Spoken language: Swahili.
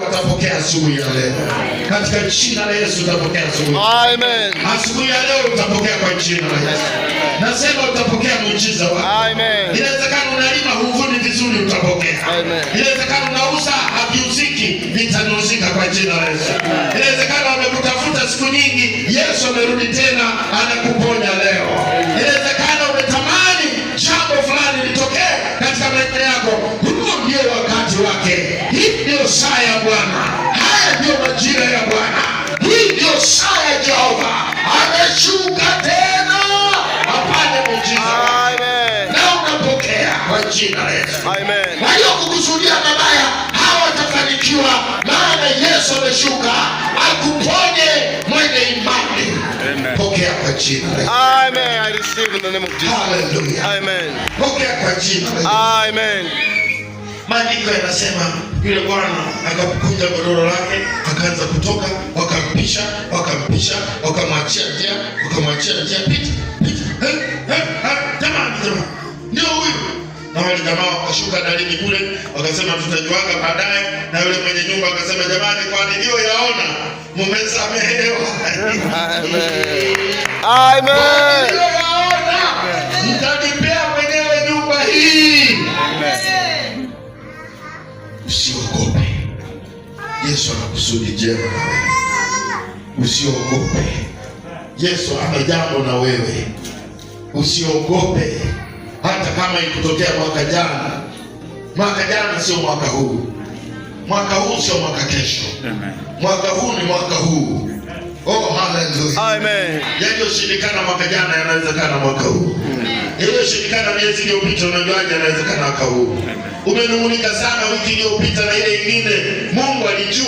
Watapokea asubuhi ya leo katika jina la Yesu, utapokea asubuhi. Asubuhi ya leo utapokea kwa jina la Yesu. Nasema utapokea muujiza wako. Inawezekana unalima huvuni vizuri, utapokea. Inawezekana unauza haviuziki, vitaniuzika kwa jina la Yesu. Inawezekana wamekutafuta siku nyingi, Yesu amerudi tena, anakuponya leo. Inawezekana umetamani jambo fulani litokee katika maisha yako, huo ndio wakati wake saa ya Bwana, haya ndiyo majira ya Bwana, hii ndiyo saa ya Jehova. Ameshuka tena apane mujiza na unapokea kwa jina la Yesu. Waliokukusudia mabaya hawatafanikiwa, maana Yesu ameshuka akuponye mwenye imani. Pokea kwa jina la Yesu. Amen. I receive the name of Jesus. Hallelujah. Amen. Pokea kwa jina la Yesu. Amen. Maandiko yanasema yule bwana akamkunja godoro lake, akaanza kutoka, wakampisha, wakampisha, wakamwachia njia, wakamwachia njia, pita jamaa wakashuka dalili kule, wakasema tutajuaga baadaye. Na yule mwenye nyumba akasema, jamani, kwa niliyoyaona mumesamehewa. Amen. Amen. Usiogope, Yesu ana kusudi jema na wewe. Usiogope, Yesu ana jambo na wewe. Usiogope hata kama ikutokea mwaka jana. Mwaka jana sio mwaka huu, mwaka huu sio mwaka kesho, mwaka huu ni mwaka huu. Oh, haleluya! Amen. Yaliyoshindikana mwaka jana yanawezekana mwaka huu yaliyoshindikana miezi iliyopita, unajuaje? Anawezekana mwaka huu umenung'unika sana wiki iliyopita na ile ingine. Mungu alijua.